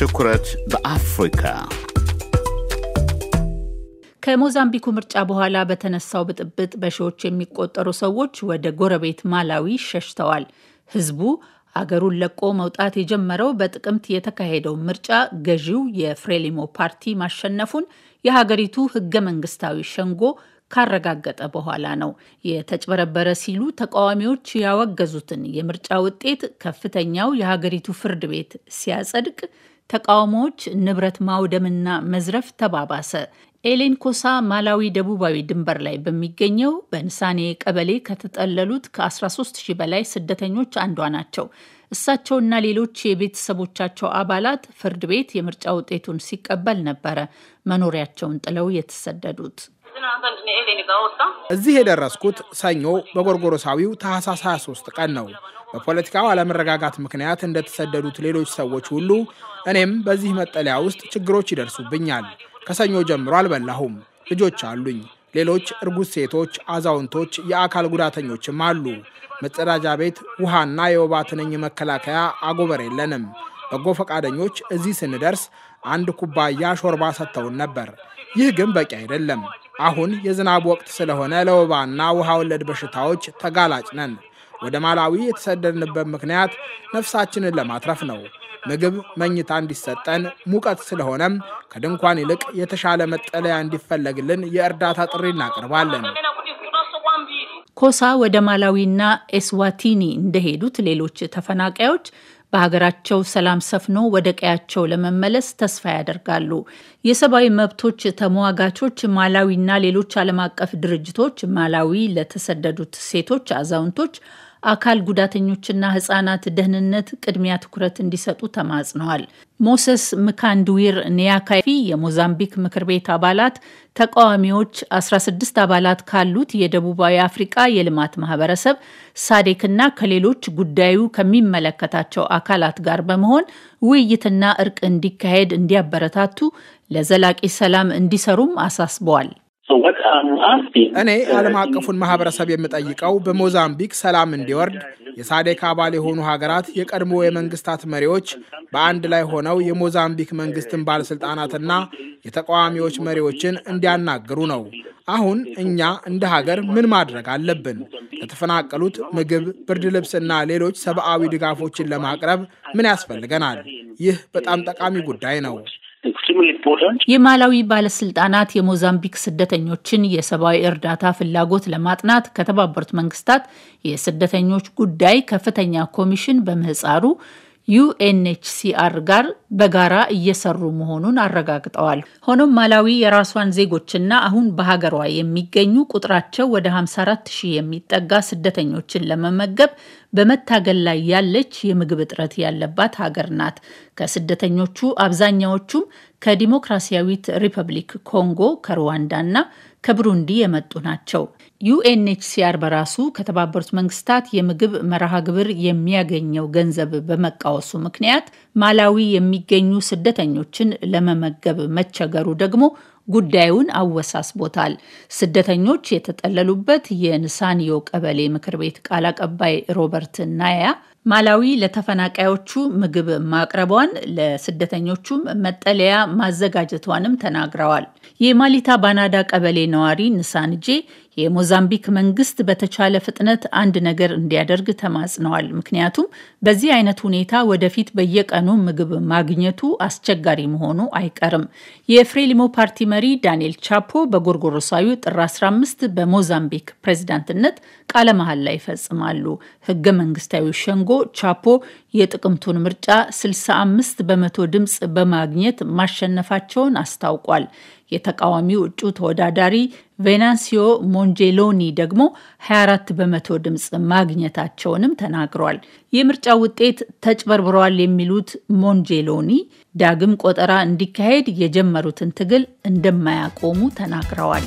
ትኩረት በአፍሪካ ከሞዛምቢኩ ምርጫ በኋላ በተነሳው ብጥብጥ በሺዎች የሚቆጠሩ ሰዎች ወደ ጎረቤት ማላዊ ሸሽተዋል። ህዝቡ አገሩን ለቆ መውጣት የጀመረው በጥቅምት የተካሄደው ምርጫ ገዢው የፍሬሊሞ ፓርቲ ማሸነፉን የሀገሪቱ ህገ መንግስታዊ ሸንጎ ካረጋገጠ በኋላ ነው። የተጭበረበረ ሲሉ ተቃዋሚዎች ያወገዙትን የምርጫ ውጤት ከፍተኛው የሀገሪቱ ፍርድ ቤት ሲያጸድቅ ተቃውሞዎች ንብረት ማውደምና መዝረፍ ተባባሰ። ኤሌን ኮሳ ማላዊ ደቡባዊ ድንበር ላይ በሚገኘው በንሳኔ ቀበሌ ከተጠለሉት ከ13000 በላይ ስደተኞች አንዷ ናቸው። እሳቸውና ሌሎች የቤተሰቦቻቸው አባላት ፍርድ ቤት የምርጫ ውጤቱን ሲቀበል ነበረ መኖሪያቸውን ጥለው የተሰደዱት። እዚህ የደረስኩት ሰኞ በጎርጎሮሳዊው ታህሳስ 23 ቀን ነው። በፖለቲካው አለመረጋጋት ምክንያት እንደተሰደዱት ሌሎች ሰዎች ሁሉ እኔም በዚህ መጠለያ ውስጥ ችግሮች ይደርሱብኛል። ከሰኞ ጀምሮ አልበላሁም። ልጆች አሉኝ። ሌሎች እርጉዝ ሴቶች፣ አዛውንቶች፣ የአካል ጉዳተኞችም አሉ። መጸዳጃ ቤት፣ ውሃና የወባ ትንኝ መከላከያ አጎበር የለንም። በጎ ፈቃደኞች እዚህ ስንደርስ አንድ ኩባያ ሾርባ ሰጥተውን ነበር። ይህ ግን በቂ አይደለም። አሁን የዝናብ ወቅት ስለሆነ ለወባና ውሃ ወለድ በሽታዎች ተጋላጭ ነን። ወደ ማላዊ የተሰደድንበት ምክንያት ነፍሳችንን ለማትረፍ ነው። ምግብ፣ መኝታ እንዲሰጠን፣ ሙቀት ስለሆነም ከድንኳን ይልቅ የተሻለ መጠለያ እንዲፈለግልን የእርዳታ ጥሪ እናቀርባለን። ኮሳ ወደ ማላዊና ኤስዋቲኒ እንደሄዱት ሌሎች ተፈናቃዮች በሀገራቸው ሰላም ሰፍኖ ወደ ቀያቸው ለመመለስ ተስፋ ያደርጋሉ። የሰብአዊ መብቶች ተሟጋቾች ማላዊና ሌሎች ዓለም አቀፍ ድርጅቶች ማላዊ ለተሰደዱት ሴቶች፣ አዛውንቶች አካል ጉዳተኞችና ህጻናት ደህንነት ቅድሚያ ትኩረት እንዲሰጡ ተማጽነዋል። ሞሰስ ምካንድዊር ኒያካፊ የሞዛምቢክ ምክር ቤት አባላት ተቃዋሚዎች 16 አባላት ካሉት የደቡባዊ አፍሪቃ የልማት ማህበረሰብ ሳዴክና ከሌሎች ጉዳዩ ከሚመለከታቸው አካላት ጋር በመሆን ውይይትና እርቅ እንዲካሄድ እንዲያበረታቱ ለዘላቂ ሰላም እንዲሰሩም አሳስበዋል። በጣም አፊ እኔ ዓለም አቀፉን ማህበረሰብ የምጠይቀው በሞዛምቢክ ሰላም እንዲወርድ የሳዴክ አባል የሆኑ ሀገራት የቀድሞ የመንግስታት መሪዎች በአንድ ላይ ሆነው የሞዛምቢክ መንግስትን ባለስልጣናትና የተቃዋሚዎች መሪዎችን እንዲያናግሩ ነው። አሁን እኛ እንደ ሀገር ምን ማድረግ አለብን? ለተፈናቀሉት ምግብ፣ ብርድ ልብስና ሌሎች ሰብአዊ ድጋፎችን ለማቅረብ ምን ያስፈልገናል? ይህ በጣም ጠቃሚ ጉዳይ ነው። የማላዊ ባለስልጣናት የሞዛምቢክ ስደተኞችን የሰብአዊ እርዳታ ፍላጎት ለማጥናት ከተባበሩት መንግስታት የስደተኞች ጉዳይ ከፍተኛ ኮሚሽን በምህፃሩ ዩኤንኤችሲአር ጋር በጋራ እየሰሩ መሆኑን አረጋግጠዋል። ሆኖም ማላዊ የራሷን ዜጎችና አሁን በሀገሯ የሚገኙ ቁጥራቸው ወደ 54 ሺህ የሚጠጋ ስደተኞችን ለመመገብ በመታገል ላይ ያለች የምግብ እጥረት ያለባት ሀገር ናት። ከስደተኞቹ አብዛኛዎቹም ከዲሞክራሲያዊት ሪፐብሊክ ኮንጎ እና ከብሩንዲ የመጡ ናቸው። ዩኤንኤችሲአር በራሱ ከተባበሩት መንግስታት የምግብ መርሃ ግብር የሚያገኘው ገንዘብ በመቃወሱ ምክንያት ማላዊ የሚገኙ ስደተኞችን ለመመገብ መቸገሩ ደግሞ ጉዳዩን አወሳስቦታል። ስደተኞች የተጠለሉበት የንሳንዮ ቀበሌ ምክር ቤት ቃል አቀባይ ሮበርት ናያ ማላዊ ለተፈናቃዮቹ ምግብ ማቅረቧን ለስደተኞቹም መጠለያ ማዘጋጀቷንም ተናግረዋል። የማሊታ ባናዳ ቀበሌ ነዋሪ ንሳንጄ የሞዛምቢክ መንግስት በተቻለ ፍጥነት አንድ ነገር እንዲያደርግ ተማጽነዋል። ምክንያቱም በዚህ አይነት ሁኔታ ወደፊት በየቀኑ ምግብ ማግኘቱ አስቸጋሪ መሆኑ አይቀርም። የፍሬሊሞ ፓርቲ መሪ ዳንኤል ቻፖ በጎርጎሮሳዊ ጥር 15 በሞዛምቢክ ፕሬዚዳንትነት ቃለ ላይ ይፈጽማሉ። ህገ መንግስታዊ ሸንጎ ቻፖ የጥቅምቱን ምርጫ 65 በመቶ ድምፅ በማግኘት ማሸነፋቸውን አስታውቋል። የተቃዋሚው እጩ ተወዳዳሪ ቬናንሲዮ ሞንጄሎኒ ደግሞ 24 በመቶ ድምፅ ማግኘታቸውንም ተናግሯል። የምርጫ ውጤት ተጭበርብረዋል የሚሉት ሞንጄሎኒ ዳግም ቆጠራ እንዲካሄድ የጀመሩትን ትግል እንደማያቆሙ ተናግረዋል።